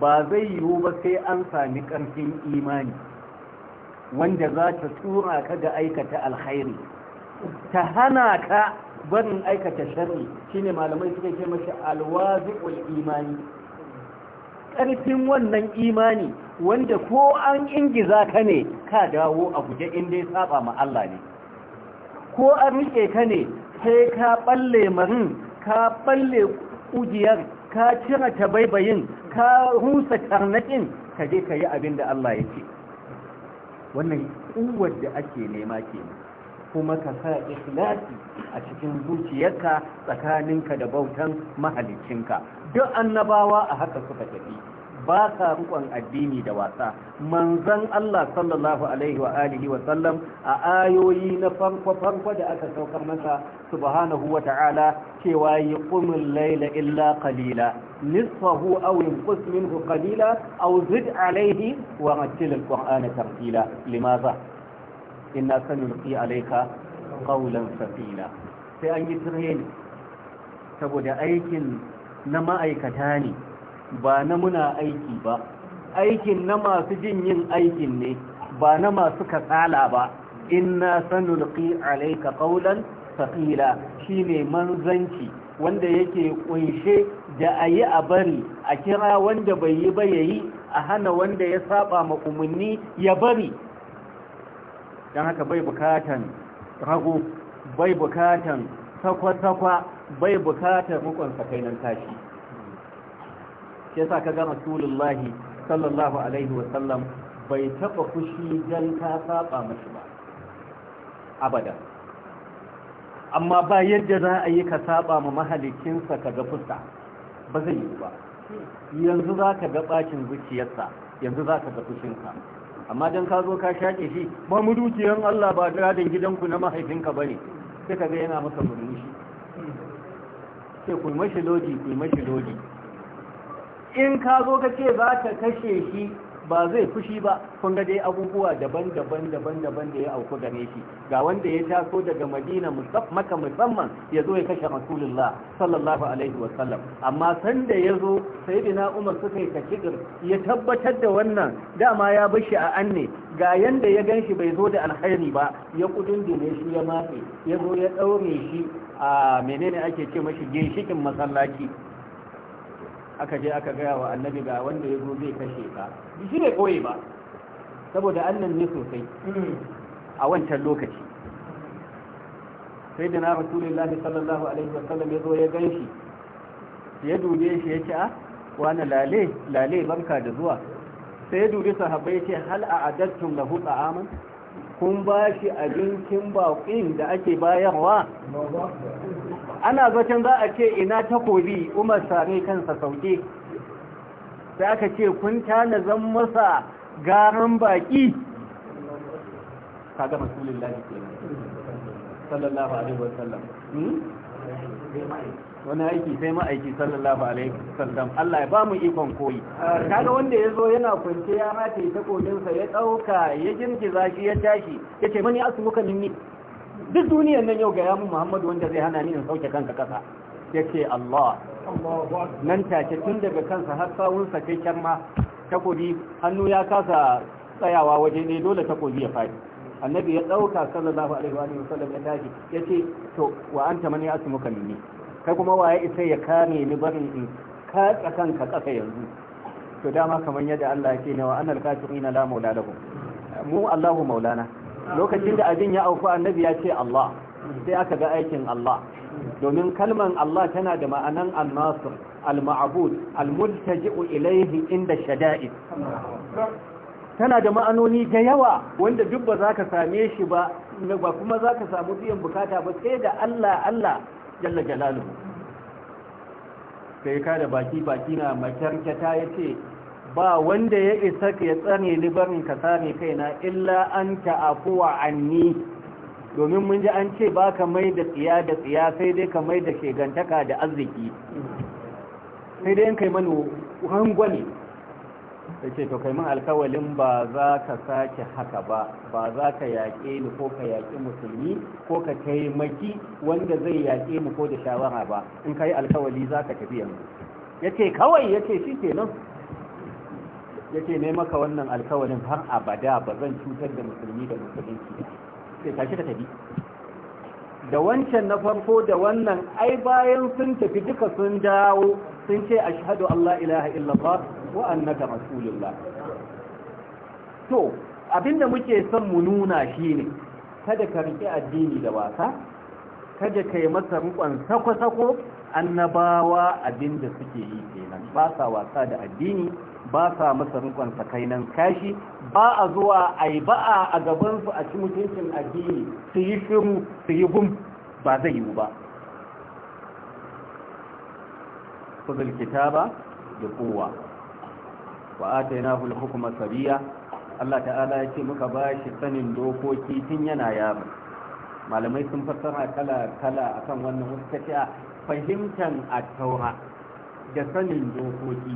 ba zai yiwu ba sai an sami ƙarfin imani wanda za ta tura ka ga aikata alkhairi ta hana ka barin aikata shi shine malamai suka ce mashi alwazi'ul imani ƙarfin wannan imani wanda ko an ingiza ka ne ka dawo a guje inda ya saba ma Allah ne ko an rike ka ne sai ka balle marin ka balle ƙugiyar, ka cire tabaibayin ka rusa karnakin ka je ka yi abin da Allah ya ce wannan kuwar da ake nema kenan kuma ka sa ikhlasi a cikin zuciyarka tsakaninka da bautan mahalicinka duk annabawa a haka suka tafi ba ka rukon addini da wasa manzon Allah sallallahu alaihi wa alihi wa sallam a ayoyi na farko farko da aka saukar masa subhanahu wa ta'ala cewa yaqumul layla illa qalila nisfahu aw yanqus minhu qalila aw zid alayhi wa rattil alqur'ana tartila limadha inna sanulqi alayka qawlan safila sai an yi training saboda aikin na ma'aikata ne ba na muna aiki ba aikin na masu jin yin aikin ne ba na masu katsala ba inna sanulqi alayka qawlan safila shine manzanci wanda yake kunshe da ayi a bari a kira wanda bai yi ba yayi a hana wanda ya saba ma umunni ya bari don haka bai bukatan hagu, bai bukatan sakwa-sakwa bai bukatan rukun sakainan tashi shi yasa ka gama rasulullahi sallallahu alaihi wasallam bai taba fushi don ka saba mashi ba abada amma ba yadda za a yi ka saba ma mahalicinsa ka ga fusa, ba zai yi ba yanzu za ka ga bacin zuciyarsa yanzu za ka ga fushinsa amma don ka zo ka shaƙe shi ba mu dukiyar Allah ba gadon gidanku na mahaifinka ba ne sai ka ga yana maka murmushi sai ku mashi lodi ku mashi lodi in ka zo ka ce za ka kashe shi ba zai fushi ba kun ga dai abubuwa daban-daban daban-daban da ya auku gare shi ga wanda ya taso daga madina maka musamman ya zo ya kashe rasulullah sallallahu alaihi wa sallam, amma sanda ya zo sayyidina umar suka yi kashigir ya tabbatar da wannan dama ya bashi a anne ga yanda ya gan shi bai zo da alkhairi ba ya kudundune shi ya matse ya zo ya daure shi a menene ake ce mashi ginshikin masallaci aka je aka gaya wa annabi ga wanda ya zo zai kashe ka shi ne koyi ba saboda annan ne sosai a wancan lokaci sai da na rasulullahi sallallahu alaihi wasallam ya zo ya gan shi ya dube shi ya ce a ah, wani lale lale barka da zuwa sai ya dubi sahabbai ce hal a adattum lahu ta'aman kun ba shi abincin baƙin da ake bayarwa ana zaton za a ce ina takobi umar sami kansa sauke sai aka ce kun tana zan masa garin baki ga masulun kenan sallallahu alaihi wasallam hmm? wani aiki sai ma'aiki sallallahu alaihi wasallam Allah ya ba mu ikon koyi kaga wanda ya zo yana kwance ya rataye takobinsa ya ɗauka ya girgiza zafi ya tashi ya ce mani asu muka minni duk duniyar nan yau ga yamu Muhammadu wanda zai hana ni in sauke kanka kasa ce Allah nan take tun daga kansa har sawunsa kai kyanma takobi hannu ya kasa tsayawa waje ne dole takobi ya fadi annabi ya dauka sallallahu alaihi wa sallam ya ya yace to wa anta mani ya asmuka minni kai kuma waye isa ya kame ni barin in ka kanka kasa yanzu to dama kamar yadda Allah yake na wa anal kafirina la maula lahum mu Allahu maulana lokacin da abin ya auku annabi ya ce Allah sai aka ga aikin Allah domin kalman Allah tana da ma'anan al-nasir al-ma'bud al-multaji'u ilayhi inda shada'id tana da ma'anoni da yawa wanda duk ba za ka same shi ba ba kuma za ka samu biyan bukata ba sai da Allah Allah jalla jalaluhu sai ka da baki baki na makarkata yace ba wanda ya isa ya tsane ni barin ka same kaina illa an ta'afu anni domin mun ji an ce ba ka mai da tsiya da tsiya sai dai ka mai da shegantaka da arziki sai dai kai mani hangwani sai ce to kai min alkawalin ba za ka sake haka ba ba za ka yaƙe ni ko ka yaƙi musulmi ko ka taimaki wanda zai yaƙe mu ko da shawara ba in ka yi alkawali za ka tafi yanzu ya ce kawai ya ce shi kenan ya ce maka wannan alkawarin har abada ba zan cutar da musulmi da musulunci sai tashi ka tafi da wancan na farko da wannan ai bayan sun tafi duka sun dawo sun ce ashhadu Allah ilaha illallah wa annaka rasulullah to abinda muke son mu nuna shine kada ka rike addini da wasa kada kai masa rukun sako-sako annabawa abinda suke yi kenan ba sa wasa da addini ba sa masa rikon sakainan kashi ba a zuwa a yi ba'a a gabansu a ci mutuncin addini su yi shiru su yi gum ba zai yi ba fuzul kitaba da kowa wa atainahu al-hukma sabiya Allah ta'ala ya ce muka ba shi sanin dokoki tun yana yaro malamai sun fassara kala kala akan wannan wasu ta fahimtar at-taura da sanin dokoki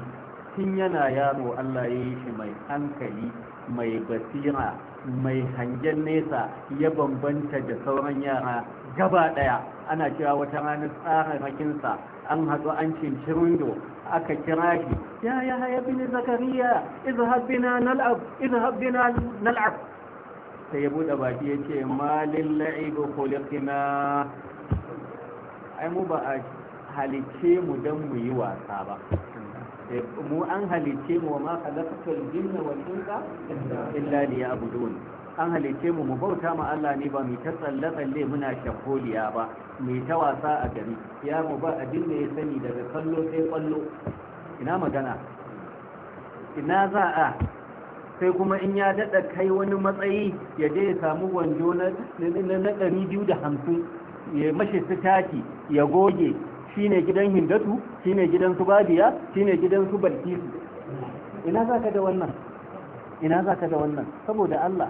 tun yana yaro Allah ya yi shi mai hankali mai basira mai hangen nesa ya bambanta da sauran yara gaba daya ana cewa wata rana rakinsa an hatsu an cinci rundo aka kira shi ya ya haya bin zakariya izhab nal'ab izhab Ta nal'ab sai ya baki ya ce ma lillahi khuliqna ai mu ba a halice mu dan mu yi wasa ba mu an halice mu wa ma khalaqatul jinna wal insa illa liya'budun an halice mu mu bauta ma Allah ne ba mu ta tsalle tsalle muna shakoliya ba mu ta wasa a gari ya mu ba abin ya sani daga kallo sai kallo ina magana ina za a sai kuma in ya dada kai wani matsayi ya je ya samu gwanjo na 250 ya mashi sitati ya goge Shi ne gidan hindatu shi ne gidan su babiya ne gidan su balkisu ina za ka da wannan ina za ka da wannan saboda Allah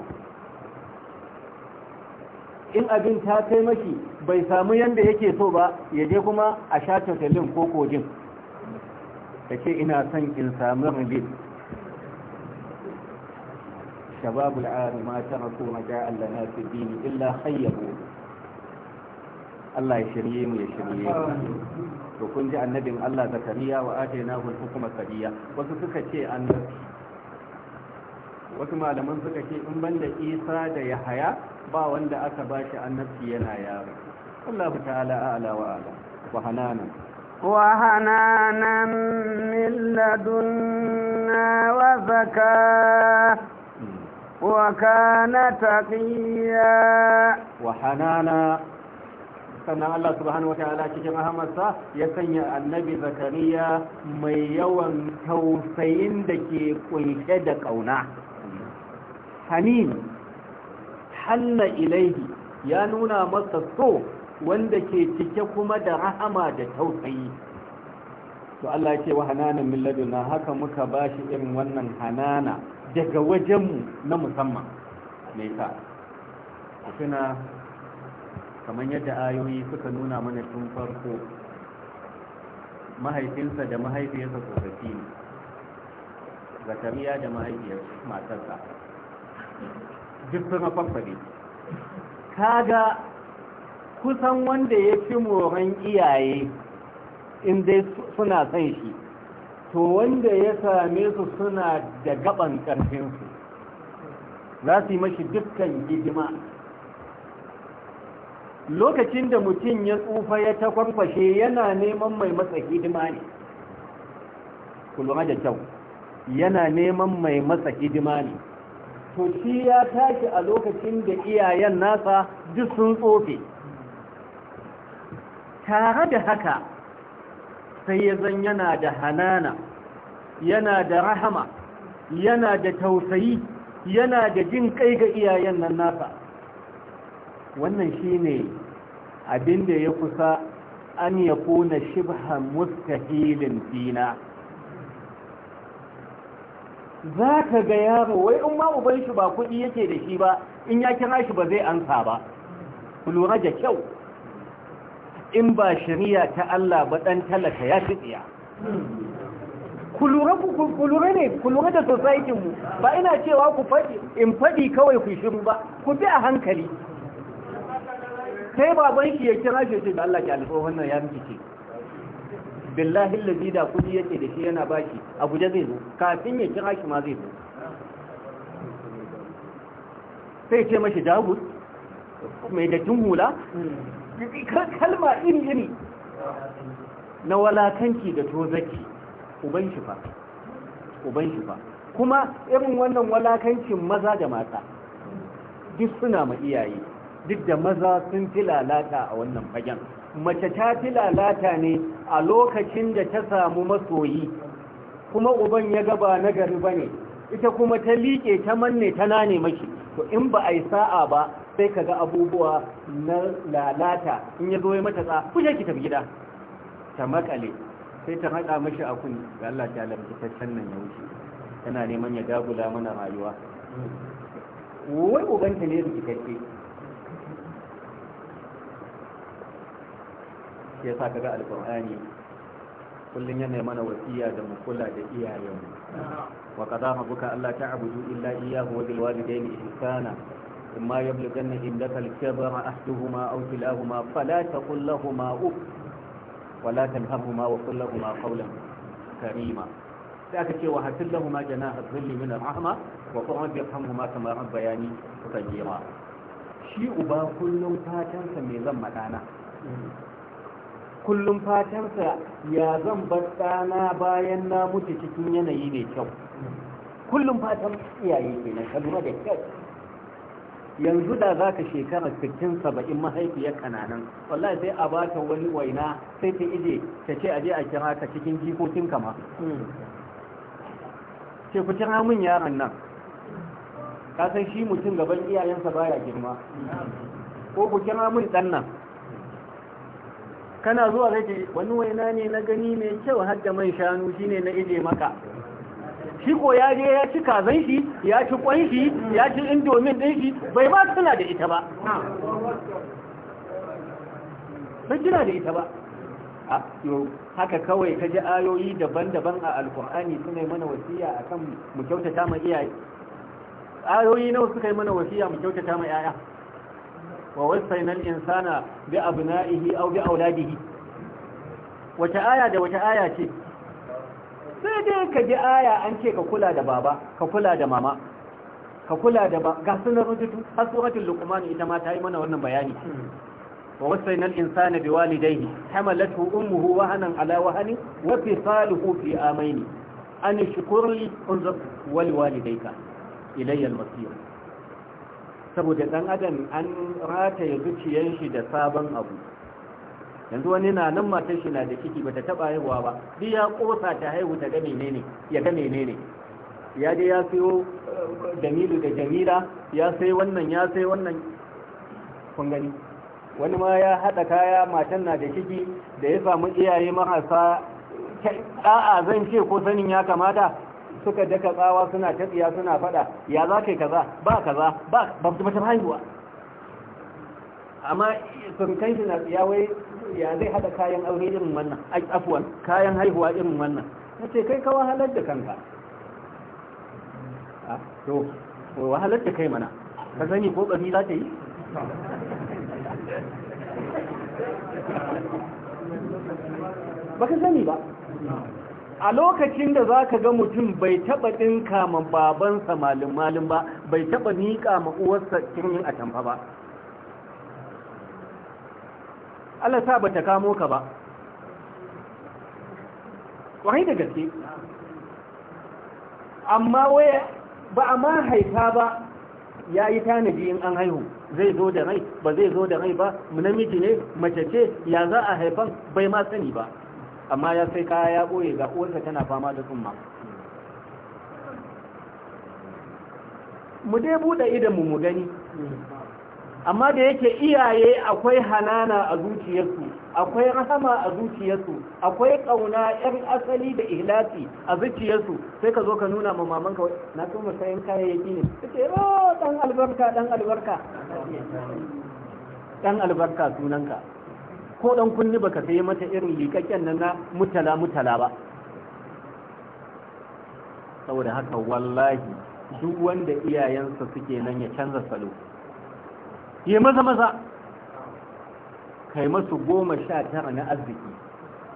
in abin ta kai mashi bai samu yadda yake so ba ya je kuma a sha tattalin ko kojin ta ce ina son in samu rubin shababul ari ma ta rasu maja Allah na dini illa hayyabu Allah ya shirye mu ya shirye to kun ji annabin Allah zakariya wa atainahu al-hukma sadiya wasu suka ce annabi wasu malaman suka ce in ban da Isa da Yahaya ba wanda aka bashi annabi yana yaro Allah ta'ala a'la wa ala wa hananan وحنانا من لدنا وزكاة وكان تقيا وحنانا sannan Allah subhanahu wa ta'ala cikin rahamarsa ya sanya annabi zakariya mai yawan tausayin da ke kunshe da ƙauna. hanin halla ilaihi ya nuna masa so wanda ke cike kuma da rahama da tausayi to Allah ce wa hananan min haka muka ba shi irin wannan hanana daga wajenmu na musamman me kuna kamar yadda ayoyi suka nuna mana tun farko mahaifinsa da mahaifiyarsa tsofaffi ne zakariya da mahaifiyar matarsa duk sun faffare kaga kusan wanda ya fi moran iyaye in dai suna son shi to wanda ya same su suna da gaban ƙarfinsu za su yi mashi dukkan gidima lokacin da mutum ya tsufa ya ta kwamfashe yana neman mai masa hidima ne da kyau yana neman mai masa hidima ne to shi ya tashi a lokacin da iyayen nasa duk sun tsofe tare da haka sai ya zan yana da hanana yana da rahama yana da tausayi yana da jin kai ga iyayen nan nasa wannan shine abin da ya kusa an ya kuna shibha mustahilin fina za ka ga yaro wai in ma uban shi ba kuɗi yake da shi ba in ya kira shi ba zai ansa ba ku lura da kyau in ba shari'a ta Allah ba ɗan talaka ya fi tsiya ku lura ne ku da society mu ba ina cewa ku faɗi in faɗi kawai ku shiru ba ku bi a hankali sai baban shi ya kira shi ce da Allah ki alfa wannan ya miki ce billahi allazi da kudi yake da shi yana baki a guje zai zo kafin ya kira shi ma zai zo sai ce mashi jagus mai dakin hula kalma iri-iri na walakanki da to zaki uban shi fa uban shi fa kuma irin wannan walakancin maza da mata duk suna ma iyaye duk da maza sun fi lalata a wannan fagen mace ta fi lalata ne a lokacin da ta samu masoyi kuma uban ya gaba na gari ba ne ita kuma ta liƙe ta manne ta nane mashi to in ba a yi sa'a ba sai ka ga abubuwa na lalata in ya zo ya mata kuje ki tafi gida ta makale sai ta haɗa mashi a kun ga Allah ta nan ya wuce tana neman ya dagula mana rayuwa wai ubanta ne rikitacce shi yasa kaga alqur'ani kullun yana mana wasiya da mu kula da iyayenmu wa qada rabbuka alla ta'budu illa iyyahu wa bil walidayni ihsana imma yablughanna indaka al-kibra ahaduhuma aw kilahuma fala taqul lahumā uff wa la tanharhumā wa qul lahumā qawlan karima sai aka ce wa hasil lahumā janaha dhilli min ar-rahma wa qul rabbi irhamhumā kamā rabbayānī saghīrā shi uba kullum sa me zan madana mm. kullum fatansa ya zan bar ɗana bayan na mutu cikin yanayi mai kyau kullum fatan iyaye kenan ka lura da kyau yanzu da za ka shekara cikin saba'in mahaifiyar kananan wallahi sai a bata wani waina sai ta ije ta ce aje a kira ka cikin jikokin kama ce ku kira min yaron nan ka san shi mutum gaban iyayensa baya girma ko ku kira min dan nan kana zuwa zai wani waina ne na gani mai kyau har da man shanu shi ne na ije maka shi ko ya je ya ci kazan shi ya ci kwan shi ya ci indomin din shi bai ba suna da ita ba bai gina da ita ba haka kawai ka ji ayoyi daban-daban a alkur'ani suna yi mana wasiya kan mu kyautata ma iyaye ayoyi nawa suka yi mana wasiya mu kyautata ma 'ya'ya wa wasaina al-insana bi abna'ihi aw bi auladihi wata aya da wata aya ce sai dai ka ji aya an ce ka kula da baba ka kula da mama ka kula da ba ga sunan rututu har suratul luqman ita ma ta yi mana wannan bayani wa wasaina al-insana bi walidayhi hamalathu ummuhu wahanan ala wahani salihu fisaluhu fi amaini an shukuri unzur wal walidayka ilayya al-masir saboda dan adam an rataye zuciyar shi da sabon abu yanzu wani na nan matar shi na da ciki bata taba haihuwa ba duk ya kosa ta haihu ta ga menene ya ga menene ya je ya sayo eh, jamilu da jamila ya sai wannan ya sai wannan kun gani wani ma ya hada kaya matan na da ciki da ya samu iyaye marasa a'a zan ce ko sanin ya kamata suka daka tsawa suna tatsiya suna fada ya za yi kaza ba kaza ba ba mace haihuwa amma sun kai shi na tsiya wai ya zai hada kayan aure irin wannan afuwan kayan haihuwa irin wannan na ce kai ka halar da kanka ah, to wahalar da kai mana ka sani ko ƙari za ta yi ba ka sani ba a lokacin da za ka ga mutum bai taɓa ɗinka ma babansa malin-malin ba bai taɓa niƙa ma uwarsa cikin a atamfa ba Allah sa ba ta kamo ka ba ƙwai da gaske amma waya ba a ma haifa ba ya yi tanadi in an haihu zai zo da rai ba zai zo da rai ba namiji ne mace ce ya za a haifan bai ma sani ba amma ya sai kaya ya ɓoye ga uwarsa tana fama da tsumma mu dai buɗe idanmu mu gani amma da yake iyaye akwai hanana a zuciyarsu akwai rahama a zuciyarsu akwai ƙauna 'yan asali da ihlasi a zuciyarsu sai ka zo ka nuna ma mamanka na kuma sayan kayayyaki ne ce oh, ɗan albarka ɗan albarka ɗan albarka sunanka ko ɗan kunni baka sai mata irin likakken nan na mutala mutala ba saboda haka wallahi duk wanda iyayensa suke nan ya canza salo yi maza maza kai masu goma sha tara na arziki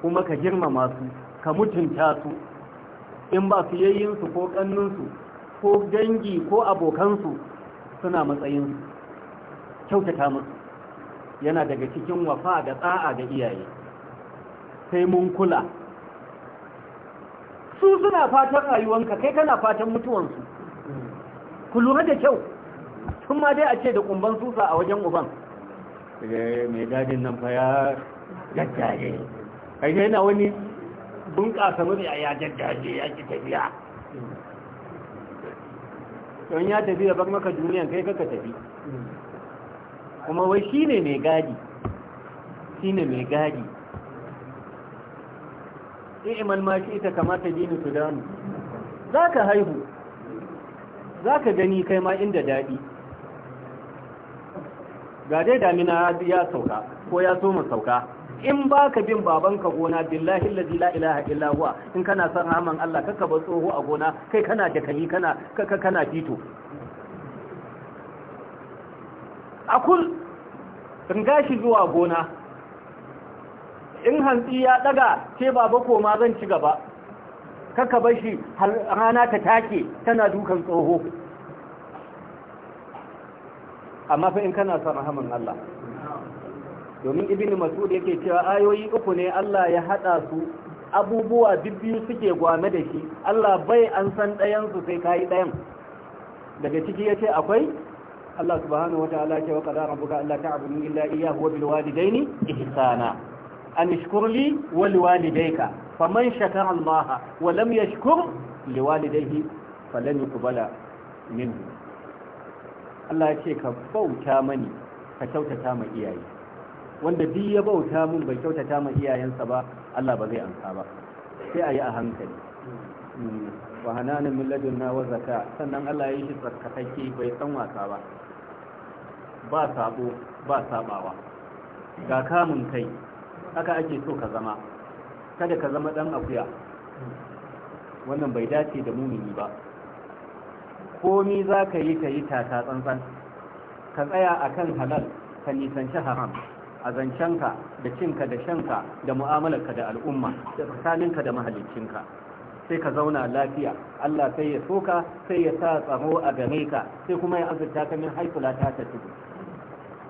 kuma ka girmama su ka mutunta su in ba su yayyinsu ko kannunsu ko dangi ko abokansu suna matsayinsu kyautata musu yana daga cikin wafa da tsa'a ga iyaye sai mun kula su suna fatan rayuwanka kai kana fatan mutuwansu ku lura da kyau sun ma dai a ce da kumban susa a wajen uban eh, mai gadin nan fa ya jajjaje kai dai na wani bunƙasa mai a ya jajjaje ya ki tafiya don ya tafi da maka duniyan kai kaka tafi kuma wai shi ne mai gadi shi ne mai gadi iman ma ita kamata dini su danu za ka haihu za ka gani kai ma inda daɗi ga dai damina ya sauka ko ya so mu sauka in ba ka bin babanka gona billahi la ilaha illa huwa in kana son haman Allah kaka ba tsoho a gona kai kana jakali kana kaka kana fito akul in gashi zuwa gona in hantsi ya daga ce baba koma zan ci gaba kaka bashi rana ta take tana dukan tsoho amma fa in kana son rahaman Allah domin ibn mas'ud yake cewa ayoyi uku ne Allah ya hada su abubuwa biyu suke gwame da shi Allah bai an san ɗayansu su sai kai ɗayan daga ciki yace akwai Allah subhanahu wataala ce wa qadara rabbuka alla ta'budu illa iyyahu wa bil walidayni ihsana an ishkur li wa li walidayka faman shakara Allah wa lam yashkur li walidayhi falan yuqbala minhu Allah ce ka bauta mani ka kyautata ma iyaye wanda bi ya bauta mun bai kyautata ma iyayensa ba Allah ba zai amsa ba sai a yi a hankali mm. wa hananan min ladunna wa zaka sannan Allah ya yi shi tsarkakake bai san wasa ba ba sabo ba sabawa ga kamun kai haka ake so ka zama kada ka zama dan akuya wannan bai dace da mumini ba komi za ka yi ka yi tata tsantsan ka tsaya a kan halal ka nisanci haram a zancen ka, da cinka da ka, da mu'amalarka da al'umma da tsakaninka da ka. sai ka zauna lafiya Allah sai ya soka sai ya sa tsaro a gare ka sai kuma ya azurta ka min haifula ta tafi.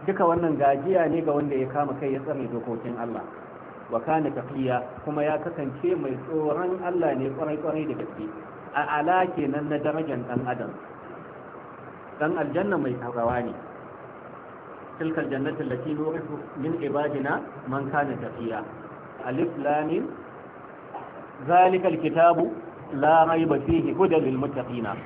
duka wannan gajiya ne ga wanda ya kama kai ya tsare dokokin Allah wa kana taqiya kuma ya kasance mai tsoron Allah ne kwarai kwarai da gaske a ala kenan na darajar dan adam dan aljanna mai tsawa ne tilkal jannatu allati nurisu min ibadina man kana taqiya alif lam mim zalikal kitabu la raiba fihi hudal lil muttaqina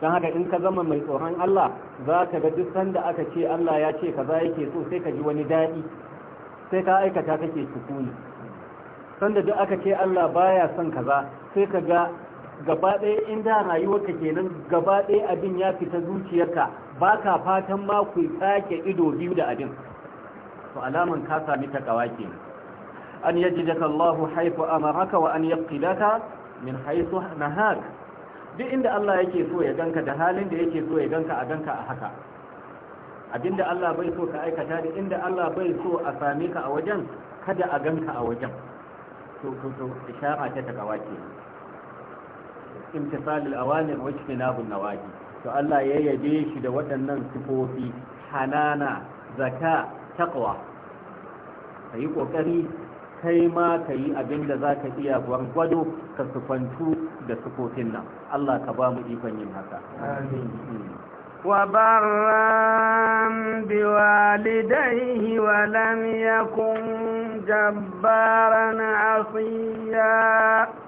don haka in ka zama mai tsoron Allah za ka ga duk sanda aka ce Allah ya ce kaza yake so sai ka ji wani daɗi sai ka aikata kake sukuni sanda duk aka ce Allah baya son kaza sai ka ga gaba ɗaya inda rayuwarka kenan gaba ɗaya abin ya fita zuciyarka ba ka fatan ma ku sake ido biyu da abin to alaman ka sami takawa kenan an yajidaka Allahu haifu amaraka wa an yaqidaka min haisu nahaka duk inda Allah yake so ya ganka da halin da yake so ya ganka a ganka a haka abinda Allah bai so ka aikata da inda Allah bai so a same ka a wajen kada a ganka a wajen to to to ishara ta takawa ce imtisalul awamir wa ijtinabun nawahi to Allah ya yabe shi da waɗannan sifofi hanana zaka taqwa kayi kokari kai ma kai abinda zaka iya gwargwado ka sufantu da sufofin nan Allah ka ba mu ikon yin haka hmm. wa barran bi walidayhi wa lam yakun jabbaran asiya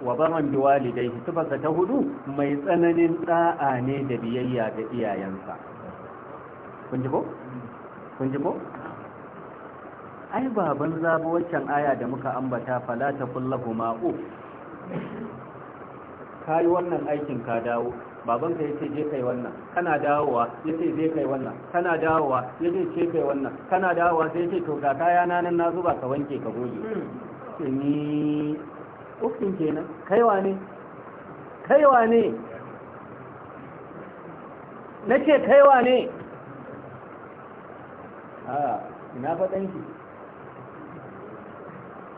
wa barran bi walidayhi tubaka ta hudu mai tsananin da'a ne da biyayya ga iyayensa kun ji ko kun ji ko ai baban zabo waccan aya da muka ambata fala ta kullahu ma'u ka yi wannan aikin ka dawo babanka ya ce je kai wannan kana dawowa ya ce je kai wannan kana dawowa ya ce kai wannan kana dawowa sai ce to ga kaya na nan na zuba ka wanke ka goge ce hmm. ni ukin kenan kaiwa ne kai wane na kai kaiwa ne a ina faɗanki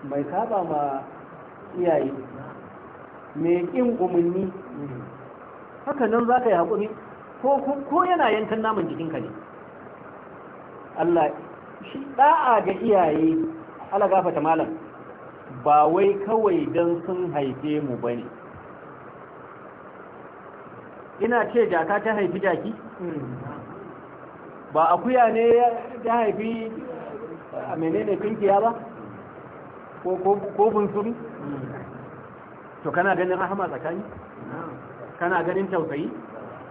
mai saba ma iyaye mai ƙin umarni haka nan za ka yi haƙuri ko yana yankan naman jikinka ne Allah shi ɗa'a ga iyaye ala gafata malam ba wai kawai don sun haife mu ba ne ina ce jaka ta haifi jaki ba akuya ne ta haifi a menene kinkiya ba ko bunsuru to kana ganin rahama tsakani kana ganin tausayi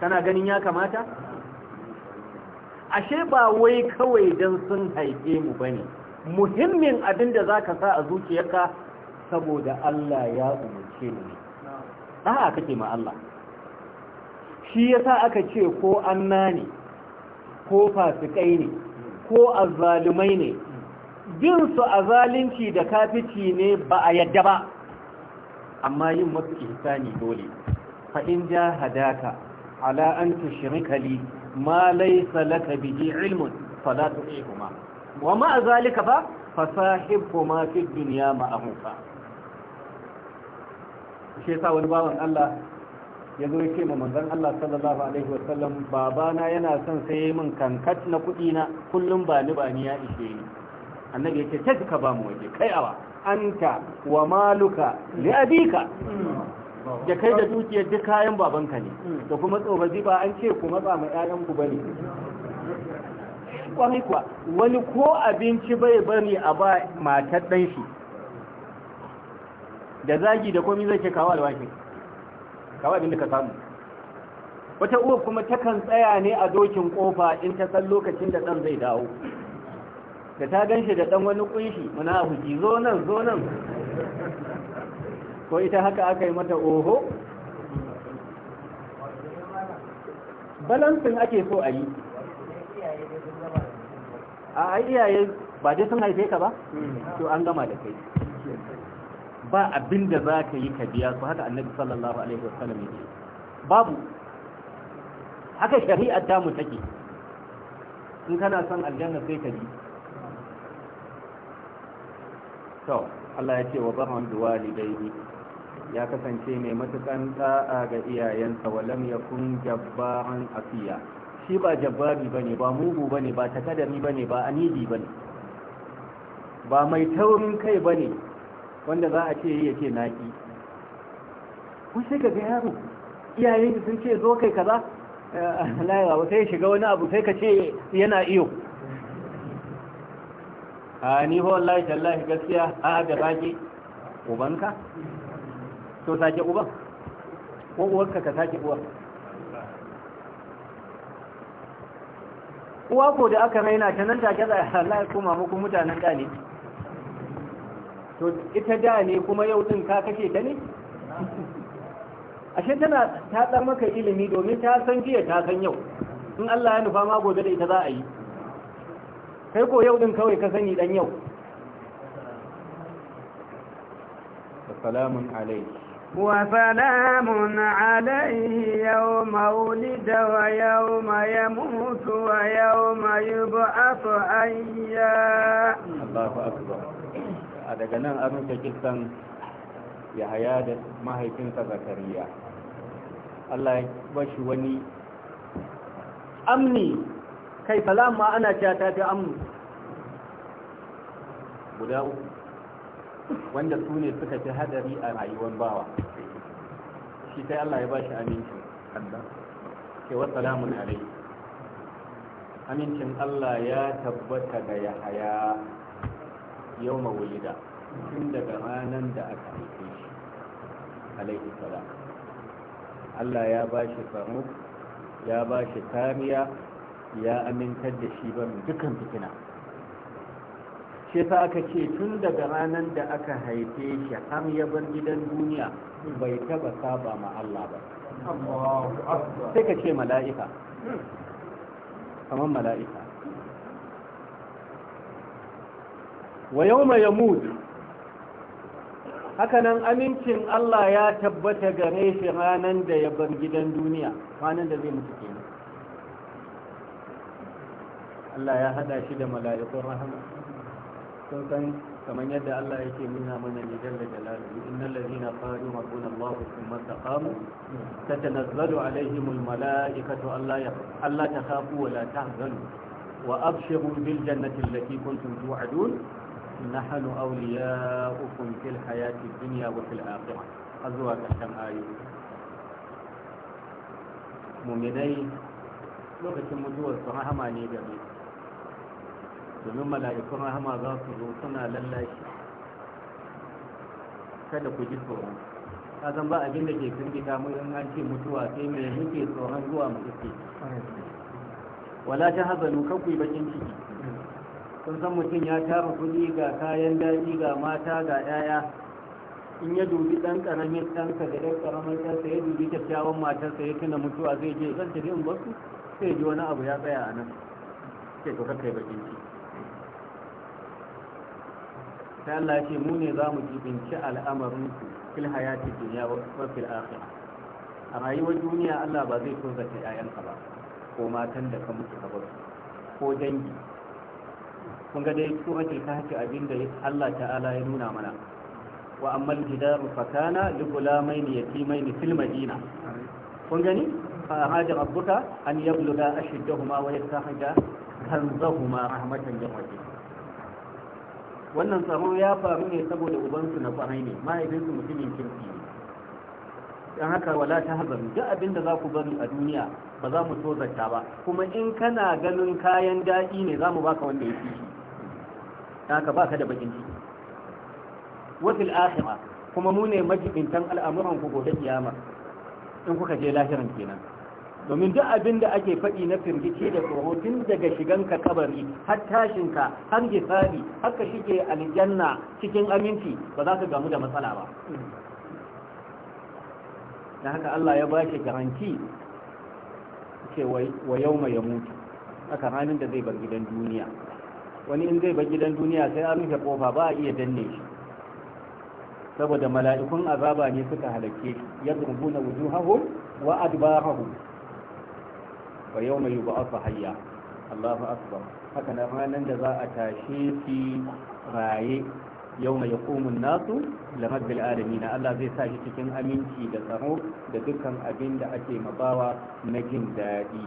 kana ganin ya kamata ashe ba wai kawai don sun haife mu bane muhimmin abin da zaka sa a zuciyarka saboda Allah ya umarce mu ne haka kake ma Allah shi yasa aka ce ko anna ne ko fasikai ne ko azzalumai ne bin su azalinci da kafici ne ba a yadda ba amma yin masu ihsani dole fa Hadaka, jahadaka ala an tushrika li ma laysa laka bihi ilmun fala tu'ihuma wa ma zalika fa fasahibhuma fi dunya ma'ahufa shi yasa wani bawan Allah ya zo yake ma manzon Allah sallallahu alaihi wasallam babana yana son sai min kankat na kudi na kullum ba ni ba ni ya ishe ni annabi yake ka ba mu waje kai awa anta wa maluka li abika da kai da dukiyar duk kayan babanka ne da kuma tsobazi ba an ce ku matsa ma ku bane kwarai kwa wani ko abinci bai bane a ba matar dan shi da zagi da komai zai ce kawo alwashi kawo abin da ka samu wata uwa kuma takan tsaya ne a dokin kofa in ta san lokacin da ɗan zai dawo da ta gan shi da ɗan wani ƙunshi muna huji zo nan zo nan ko ita haka aka yi mata oho balansin ake so a yi a iyaye ba dai sun haife ka ba to an gama da kai ba abin da za ka yi ka biya su haka annabi sallallahu alaihi wasallam yake babu haka shari'a ta mu take in kana son aljanna sai ka bi to Allah ya ce wa barran biwalidayhi ya kasance mai matukan da'a ga iyayensa wa lam yakun jabbaran afiya shi ba jabbari bane ba mugu bane ba takadami bane ba anidi bane ba mai taurin kai bane wanda za a ce yake naki ko sai ka ga yaro iyayen sun ce zo kai kaza Allah eh, ya sai shiga wani abu sai ka ce yana iyo a ni ho wallahi tallahi gaskiya a da baki ubanka to sake uban ko uwarka ka sake uwa uwa ko da aka raina ta nan take da Allah koma muku mutanen da ne to ita da ne kuma yau din ka kashe ta ne ashe tana ta dar maka ilimi domin ta san jiya ta san yau in Allah ya nufa ma gobe da ita za a yi kai ko yau din kawai ka sani dan yau salamun alaikum wa salamun alaihi yawma wulida wa yawma yamutu wa yawma yub'athu ayya Allahu akbar a daga nan an rufe kisan Yahaya da mahaifinsa Zakariya Allah ya bashi wani amni kai salam ana cewa ta fi amnu guda uku wanda su ne suka fi hadari a rayuwar bawa shi sai Allah ya ba shi aminci ke wa salamun alai amincin Allah ya tabbata ga yahaya yau mawulida tun daga ranar da aka haife shi alaihi salam Allah ya ba shi tsaro ya ba shi kariya ya amintar da shi ba mai dukkan fitina shi sa aka ce tun daga ranar da aka haife shi har ya bar gidan duniya bai taba saba ma Allah ba sai ka ce mala'ika kamar mala'ika wa yau mai yamudu hakanan amincin Allah ya tabbata gare shi ranar da ya bar gidan duniya ranar da zai mutu ke Allah ya hada shi da mala'ikun rahama sun san kamar yadda Allah yake nuna mana ne jalla jalaluhu innal ladhina qalu rabbuna Allah thumma istaqamu tatanazzalu alaihimul mala'ikatu alla alla takhafu wa la tahzanu wa abshiru bil jannati allati kuntum tu'adun نحن أولياؤكم في الحياة الدنيا وفي الآخرة أزواج كم آية مؤمنين lokacin mutuwarsu rahama ne gare su domin mala'ikun rahama za su zo suna lallashi kada ku ji tsoron kazan ba abin da ke sun gida mu in an ce mutuwa sai me muke tsoron zuwa mu iske wala ta nu kan ku yi bakin ciki Sun san mutum ya tara kuɗi ga kayan daji ga mata ga 'ya'ya in ya dubi ɗan ƙaramin ɗansa da ɗan ƙaramin ɗansa ya dubi kyakkyawan matarsa ya tuna mutuwa zai je zan tafi in basu sai ji wani abu ya tsaya a nan sai ka kakai bakin ciki sai Allah ya ce mu ne za mu jibinci al'amarin ku fil hayati dunya wa fil akhirah a rayuwar duniya Allah ba zai toza ta yayanka ba ko matan da ka mutu ka ko dangi kun ga dai suratul kahfi abinda Allah ta'ala ya nuna mana wa ammal jidaru fakana li gulamain yatimain fil madina kun gani fa haja rabbuka an yabluga ashiddahuma wa yastakhija kanzahuma rahmatan min rabbika wannan tsaro ya faru ne saboda ubansu na kwarai ne mahaifinsu mutumin kirki ne don haka wala ta hazaru duk abin da za ku bari a duniya ba za mu so zata ba kuma in kana ganin kayan daɗi ne za mu baka wanda ya fi shi don haka baka da bakin ciki wafil akhira kuma mu ne majibintan al'amuran ku gobe kiyama in kuka je lahiran kenan domin duk abin da ake faɗi na firgici da tsoro tun daga shiganka kabari har tashinka har gisari har ka shige aljanna cikin aminci ba za ka gamu da matsala ba da haka Allah ya ba shi garanti ce wa yau mai ya mutu a ranar da zai bar gidan duniya wani in zai bar gidan duniya sai an rufe kofa ba a iya danne shi saboda mala'ikun azaba ne suka halake shi ya wuzu wujuhahum wa adbarahum wa yau mai yuba aka hayya Allahu akbar haka na ranar da za a tashe shi raye yau mai yakumun nasu lamar bil'adami na Allah zai sa shi cikin aminci da tsaro da dukkan abin da ake mabawa na jin daɗi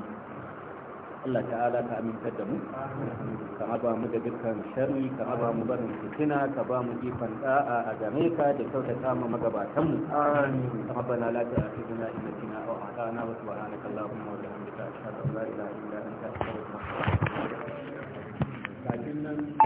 Allah ta'ala ka amintar da mu kama ba mu da dukkan sharri kama ba mu barin fitina ka ba mu ikon da'a a game ka da kyautata mu magabatan mu amin kama bana la ta'tizuna da tina wa atana wa subhanaka allahumma لا إله إلا أنت أستغفرك kafin nan